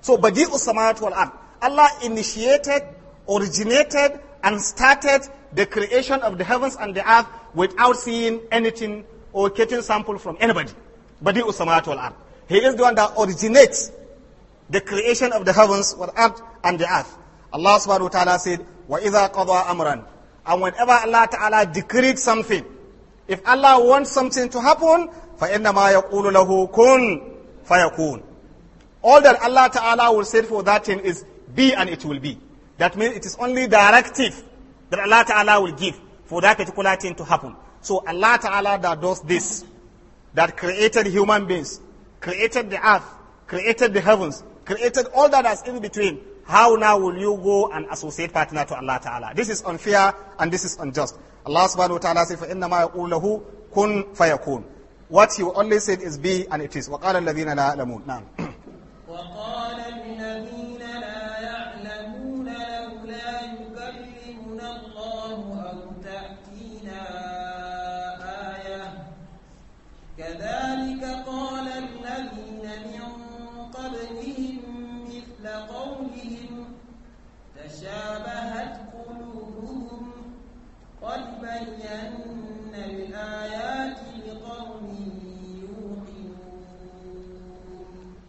So, Badi'u Samawat wal Ard. Allah initiated, originated, and started the creation of the heavens and the earth without seeing anything or getting sample from anybody. Badi'u Samawat wal Ard. He is the one that originates the creation of the heavens and the earth. Allah subhanahu wa ta'ala said, وَإِذَا قَضَى أَمْرًا And whenever Allah ta'ala decreed something, if Allah wants something to happen, فَإِنَّمَا يَقُولُ لَهُ كُن فَيَكُونَ All that Allah ta'ala will say for that thing is, be and it will be. That means it is only directive that Allah ta'ala will give for that particular thing to happen. So Allah ta'ala that does this, that created human beings, created the earth, created the heavens, created all that that's in between, how now will you go and associate partner to Allah Ta'ala? This is unfair and this is unjust. Allah subhanahu wa ta'ala says, فَإِنَّمَا يَقُولُ لَهُ كُنْ فَيَكُونُ What you only said is be and it is. وَقَالَ الَّذِينَ لَا يَعْلَمُونَ نعم.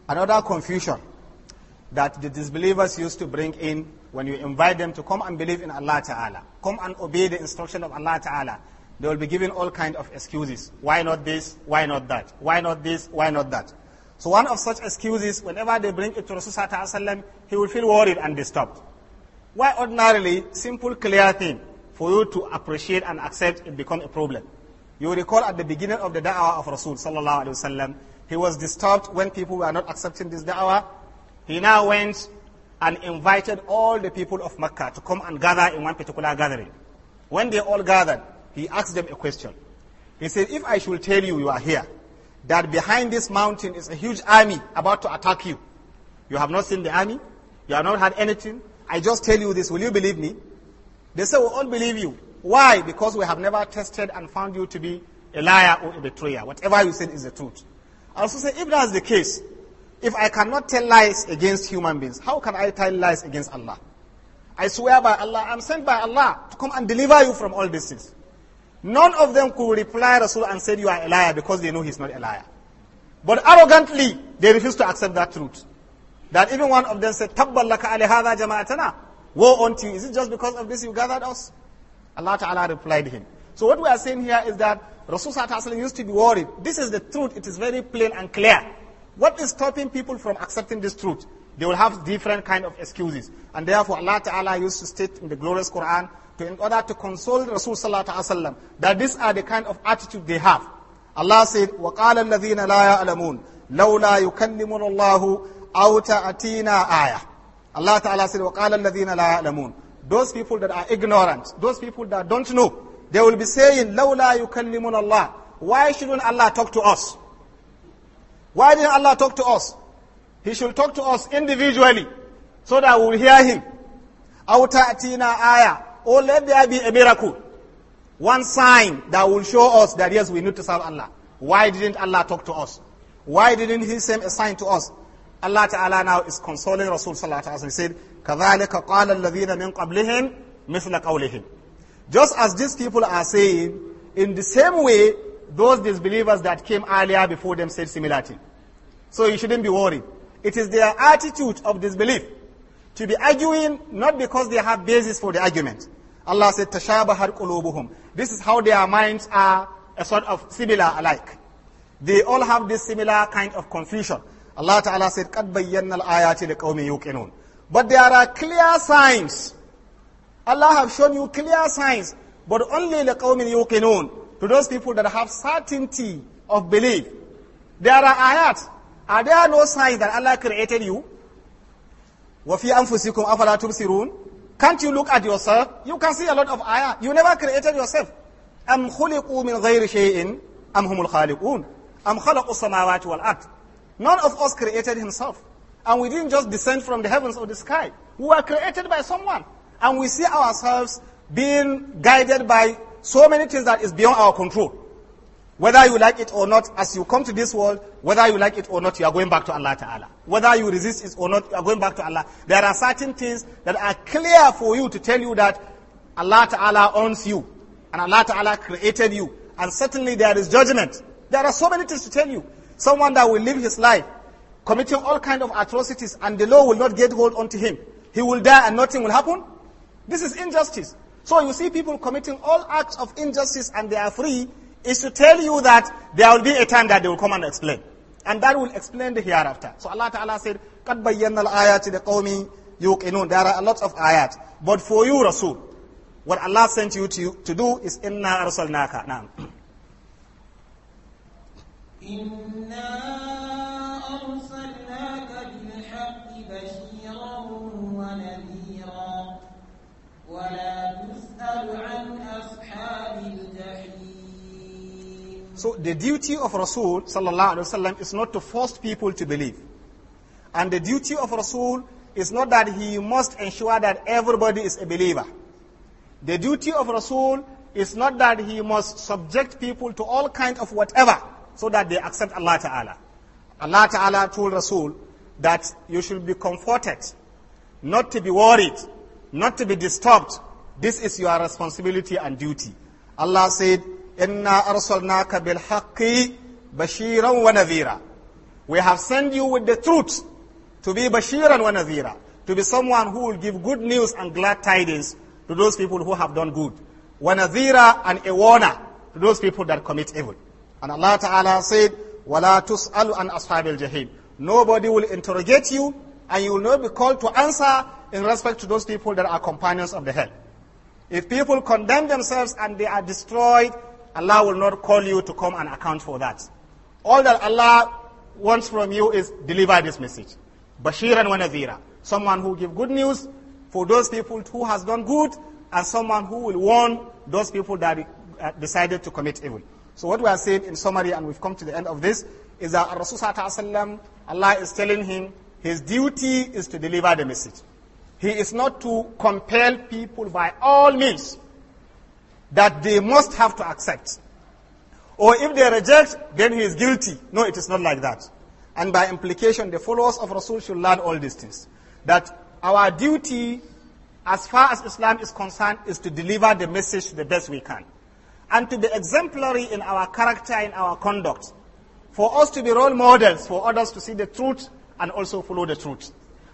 Another confusion that the disbelievers used to bring in when you invite them to come and believe in Allah Ta'ala, come and obey the instruction of Allah Ta'ala, they will be given all kind of excuses. Why not this? Why not that? Why not this? Why not that? So one of such excuses, whenever they bring it to Rasulullah Sallallahu he will feel worried and disturbed. Why ordinarily, simple, clear thing for you to appreciate and accept, it become a problem. You recall at the beginning of the da'wah of Rasul sallallahu alaihi wasallam, he was disturbed when people were not accepting this da'wah. He now went and invited all the people of Mecca to come and gather in one particular gathering. When they all gathered, he asked them a question. He said, if I should tell you you are here, that behind this mountain is a huge army about to attack you. You have not seen the army. You have not heard anything. I just tell you this. Will you believe me? They say, We all believe you. Why? Because we have never tested and found you to be a liar or a betrayer. Whatever you said is the truth. I also say, if that's the case, if I cannot tell lies against human beings, how can I tell lies against Allah? I swear by Allah, I'm sent by Allah to come and deliver you from all these things. None of them could reply Rasul and said, You are a liar because they know he's not a liar. But arrogantly, they refused to accept that truth. That even one of them said, Tabbalaka alihada jama'atana. Woe unto you. Is it just because of this you gathered us? Allah Ta'ala replied him. So what we are saying here is that Rasulullah used to be worried. This is the truth. It is very plain and clear. What is stopping people from accepting this truth? They will have different kind of excuses. And therefore Allah Ta'ala used to state in the glorious Quran to, in order to console Rasulullah that these are the kind of attitude they have. Allah said, وَقَالَ الَّذِينَ لَا يَعْلَمُونَ لَوْلَا يُكَلِّمُنَ اللَّهُ أَوْ تَأْتِينَا آيَةً Allah Ta'ala said, وَقَالَ الَّذِينَ لَا يَعْلَمُونَ Those people that are ignorant, those people that don't know, they will be saying, لَوْلَا يُكَلِّمُنَ Allah. Why shouldn't Allah talk to us? Why didn't Allah talk to us? He should talk to us individually so that we will hear Him. أَوْ تَأْتِينَا ayah. Or let there be a miracle. One sign that will show us that yes, we need to serve Allah. Why didn't Allah talk to us? Why didn't He send a sign to us? Allah Ta'ala now is consoling Rasul Sallallahu Alaihi Wasallam. He said, كَذَلِكَ قَالَ الَّذِينَ مِنْ قَبْلِهِمْ مِثْلَ قَوْلِهِمْ Just as these people are saying, in the same way, those disbelievers that came earlier before them said similar thing. So you shouldn't be worried. It is their attitude of disbelief to be arguing not because they have basis for the argument. Allah said, تَشَابَهَرْ قُلُوبُهُمْ This is how their minds are a sort of similar alike. They all have this similar kind of confusion. Allah Ta'ala said, قَدْ الْآيَاتِ لِقَوْمِ But there are clear signs. Allah have shown you clear signs, but only لِقَوْمِ يُوقِنُونَ To those people that have certainty of belief. There are ayat. Are there no signs that Allah created you? وَفِي أَنفُسِكُمْ أَفَلَا تُبْصِرُونَ Can't you look at yourself? You can see a lot of ayat. You never created yourself. أَمْ خُلِقُوا مِنْ غَيْرِ شَيْءٍ أَمْ هُمُ الْخَالِقُونَ أَمْ خَلَقُوا السَّمَاوَاتِ وَالْأَرْضِ None of us created himself. And we didn't just descend from the heavens or the sky. We were created by someone. And we see ourselves being guided by so many things that is beyond our control. Whether you like it or not, as you come to this world, whether you like it or not, you are going back to Allah Ta'ala. Whether you resist it or not, you are going back to Allah. There are certain things that are clear for you to tell you that Allah Ta'ala owns you. And Allah Ta'ala created you. And certainly there is judgment. There are so many things to tell you. Someone that will live his life committing all kind of atrocities and the law will not get hold onto him. He will die and nothing will happen. This is injustice. So you see people committing all acts of injustice and they are free is to tell you that there will be a time that they will come and explain. And that will explain the hereafter. So Allah Ta'ala said, قَدْ بَيَّنَّ الْآيَاتِ لِقَوْمِ يُوقِنُونَ There are a lot of ayat. But for you, Rasul, what Allah sent you to, to do is إِنَّا أَرْسَلْنَاكَ Now. So the duty of Rasul sallallahu alaihi wasallam is not to force people to believe. And the duty of Rasul is not that he must ensure that everybody is a believer. The duty of Rasul is not that he must subject people to all kinds of whatever so that they accept Allah Ta'ala. Allah Ta'ala told Rasul that you should be comforted, not to be worried, not to be disturbed. This is your responsibility and duty. Allah said, Inna arsalnaka bil haqqi bashiran wa nadhira. We have sent you with the truth to be bashiran wa nadhira, to be someone who will give good news and glad tidings to those people who have done good. Wa and a warner to those people that commit evil. And Allah Ta'ala said, وَلَا تُسْأَلُ عَنْ أَصْحَابِ الْجَحِيمِ Nobody will interrogate you, and you will not be called to answer in respect to those people that are companions of the hell. If people condemn themselves and they are destroyed, Allah will not call you to come and account for that. All that Allah wants from you is deliver this message. Bashiran wa Nazira. Someone who give good news for those people who has done good and someone who will warn those people that uh, decided to commit evil. So what we are saying in summary, and we've come to the end of this, is that Rasulullah Allah is telling him his duty is to deliver the message. He is not to compel people by all means that they must have to accept. Or if they reject, then he is guilty. No, it is not like that. And by implication, the followers of Rasul should learn all these things. That our duty, as far as Islam is concerned, is to deliver the message the best we can and to be exemplary in our character, in our conduct, for us to be role models, for others to see the truth and also follow the truth.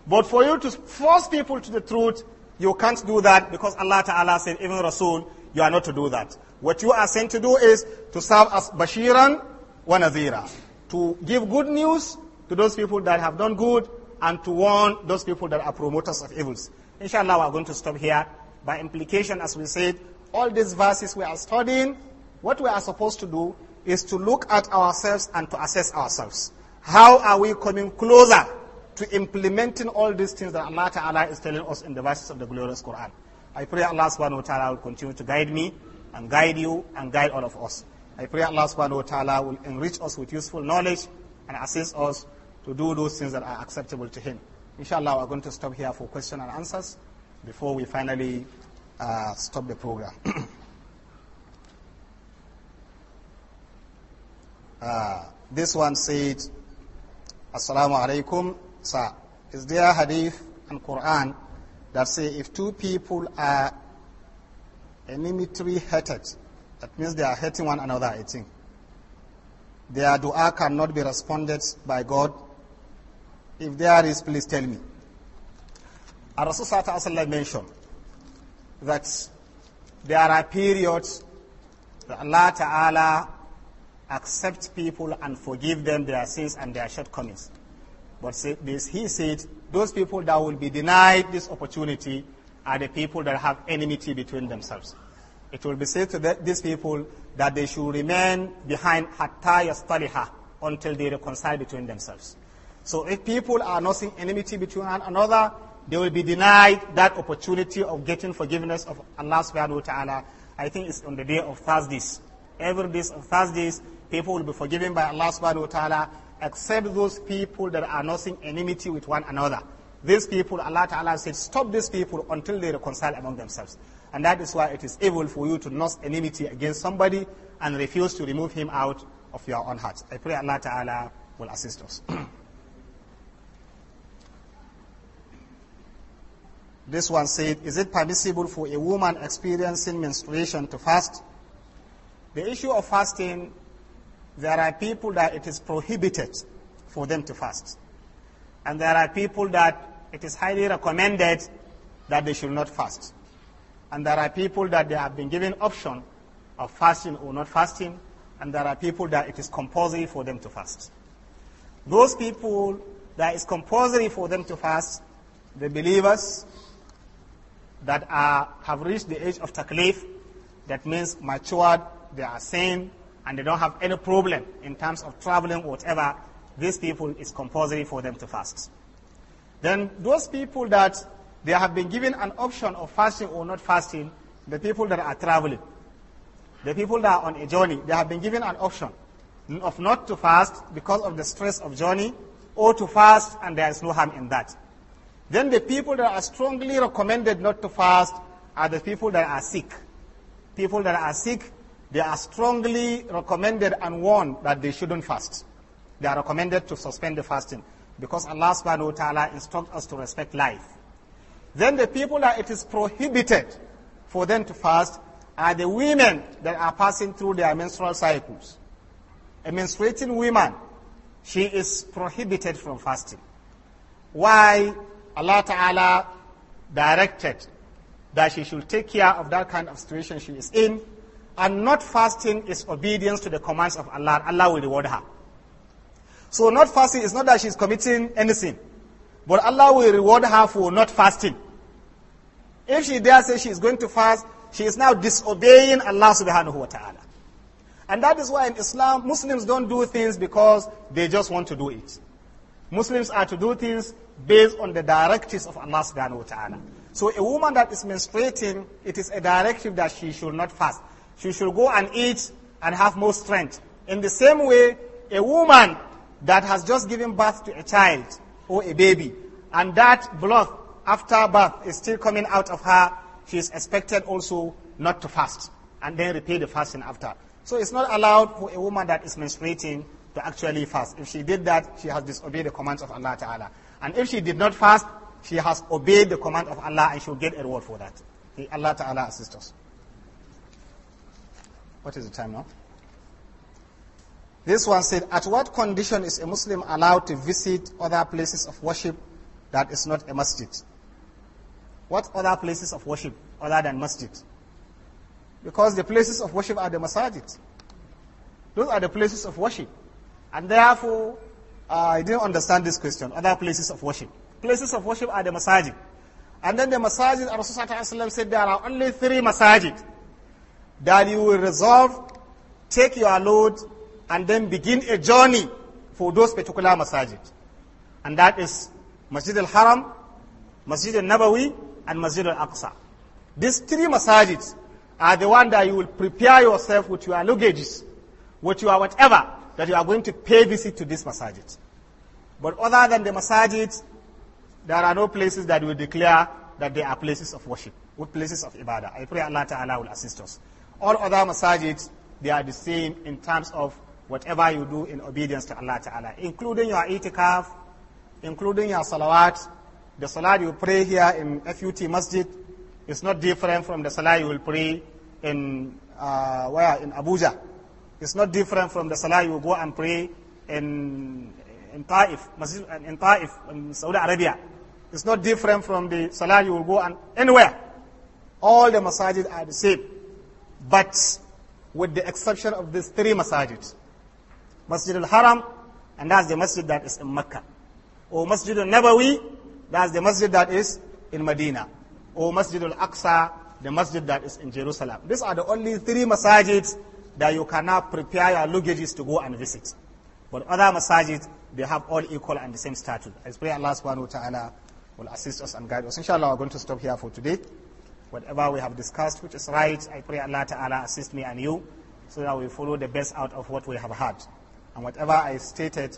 But for you to force people to the truth, you can't do that because Allah Ta'ala said, even Rasul, you are not to do that. What you are sent to do is to serve as Bashiran wa Nazira, to give good news to those people that have done good and to warn those people that are promoters of evils. Inshallah, we are going to stop here. By implication, as we said, all these verses we are studying, what we are supposed to do is to look at ourselves and to assess ourselves. How are we coming closer to implementing all these things that Allah Ta'ala is telling us in the verses of the glorious Quran? I pray Allah subhanahu wa ta'ala will continue to guide me and guide you and guide all of us. I pray Allah subhanahu wa ta'ala will enrich us with useful knowledge and assist us to do those things that are acceptable to Him. Inshallah, we're going to stop here for question and answers before we finally uh, stop the program. [CLEARS THROAT] uh, this one said, Assalamu alaikum, sir. Is there hadith and Quran that say if two people are enmity hated, that means they are hating one another, I think, their dua cannot be responded by God? If there is, please tell me. Rasul mentioned that there are periods that Allah Ta'ala accepts people and forgive them their sins and their shortcomings. But this, he said, those people that will be denied this opportunity are the people that have enmity between themselves. It will be said to the, these people that they should remain behind hatta yastaliha until they reconcile between themselves. So if people are not seeing enmity between one another, they will be denied that opportunity of getting forgiveness of Allah subhanahu wa ta'ala. I think it's on the day of Thursdays. Every day of Thursdays, people will be forgiven by Allah subhanahu wa ta'ala, except those people that are nursing enmity with one another. These people, Allah ta'ala said, stop these people until they reconcile among themselves. And that is why it is evil for you to nurse enmity against somebody and refuse to remove him out of your own heart. I pray Allah ta'ala will assist us. [CLEARS THROAT] This one said, is it permissible for a woman experiencing menstruation to fast? The issue of fasting, there are people that it is prohibited for them to fast. And there are people that it is highly recommended that they should not fast. And there are people that they have been given option of fasting or not fasting. And there are people that it is compulsory for them to fast. Those people that is compulsory for them to fast, the believers, that are, have reached the age of taklif, that means matured, they are sane, and they don't have any problem in terms of traveling or whatever, these people, it's compulsory for them to fast. Then those people that they have been given an option of fasting or not fasting, the people that are traveling, the people that are on a journey, they have been given an option of not to fast because of the stress of journey or to fast and there is no harm in that. Then the people that are strongly recommended not to fast are the people that are sick. People that are sick, they are strongly recommended and warned that they shouldn't fast. They are recommended to suspend the fasting because Allah subhanahu wa ta'ala instructs us to respect life. Then the people that it is prohibited for them to fast are the women that are passing through their menstrual cycles. A menstruating woman, she is prohibited from fasting. Why? Allah Ta'ala directed that she should take care of that kind of situation she is in. And not fasting is obedience to the commands of Allah. Allah will reward her. So not fasting is not that she's committing anything. But Allah will reward her for not fasting. If she dare say she is going to fast, she is now disobeying Allah subhanahu wa ta'ala. And that is why in Islam, Muslims don't do things because they just want to do it. Muslims are to do things based on the directives of Allah subhanahu wa ta'ala. So a woman that is menstruating, it is a directive that she should not fast. She should go and eat and have more strength. In the same way, a woman that has just given birth to a child or a baby, and that blood after birth is still coming out of her, she is expected also not to fast and then repeat the fasting after. So it's not allowed for a woman that is menstruating to actually fast. If she did that, she has disobeyed the commands of Allah Ta'ala. And if she did not fast, she has obeyed the command of Allah and she'll get a reward for that. Allah Ta'ala assist us. What is the time now? This one said, at what condition is a Muslim allowed to visit other places of worship that is not a masjid? What other places of worship other than masjid? Because the places of worship are the masajid. Those are the places of worship. And therefore, uh, I didn't understand this question. Other places of worship. Places of worship are the masajid. And then the masajid, Rasulullah said there are only three masajid that you will resolve, take your load, and then begin a journey for those particular masajid. And that is Masjid al-Haram, Masjid al-Nabawi, and Masjid al-Aqsa. These three masajid are the one that you will prepare yourself with your luggages, with your whatever, that you are going to pay visit to this masajid. But other than the masajid, there are no places that will declare that they are places of worship, with places of ibadah. I pray Allah Ta'ala will assist us. All other masajids, they are the same in terms of whatever you do in obedience to Allah Ta'ala, including your itikaf, including your salawat, the salat you pray here in FUT Masjid is not different from the salat you will pray in, uh, where, in Abuja it's not different from the salah you go and pray in, in Taif, in Taif, in Saudi Arabia. It's not different from the salah you will go and anywhere. All the masajid are the same. But with the exception of these three masajid. Masjid al-Haram, and that's the masjid that is in Mecca. Or oh, Masjid al-Nabawi, that's the masjid that is in Medina. Or oh, Masjid al-Aqsa, the masjid that is in Jerusalem. These are the only three masajids that you cannot prepare your luggages to go and visit. But other masajid, they have all equal and the same status. I pray Allah subhanahu wa ta'ala will assist us and guide us. Inshallah, we're going to stop here for today. Whatever we have discussed, which is right, I pray Allah ta'ala assist me and you so that we follow the best out of what we have had. And whatever I stated,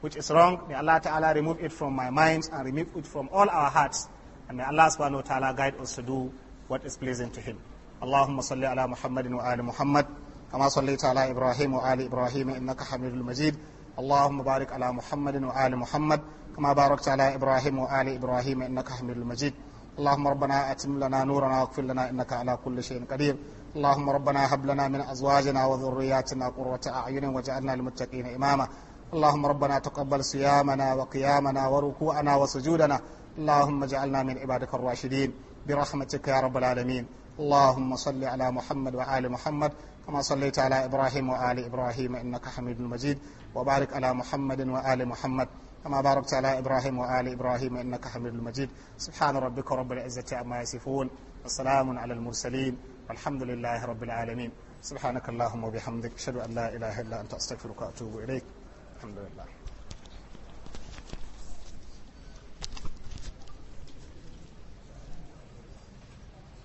which is wrong, may Allah ta'ala remove it from my mind and remove it from all our hearts. And may Allah subhanahu wa ta'ala guide us to do what is pleasing to Him. Allahumma salli ala Muhammadin wa ala Muhammad. كما صليت على إبراهيم وآل إبراهيم إنك حميد مجيد اللهم بارك على محمد وآل محمد كما باركت على إبراهيم وآل إبراهيم إنك حميد مجيد اللهم ربنا أتم لنا نورنا واغفر لنا إنك على كل شيء قدير اللهم ربنا هب لنا من أزواجنا وذرياتنا قرة أعين واجعلنا للمتقين إماما اللهم ربنا تقبل صيامنا وقيامنا وركوعنا وسجودنا اللهم اجعلنا من عبادك الراشدين برحمتك يا رب العالمين اللهم صل على محمد وآل محمد كما صليت على إبراهيم وآل إبراهيم إنك حميد مجيد وبارك على محمد وآل محمد كما باركت على إبراهيم وآل إبراهيم إنك حميد مجيد سبحان ربك رب العزة عما يصفون وسلام على المرسلين والحمد لله رب العالمين سبحانك اللهم وبحمدك أشهد أن لا إله إلا أنت أستغفرك وأتوب إليك الحمد لله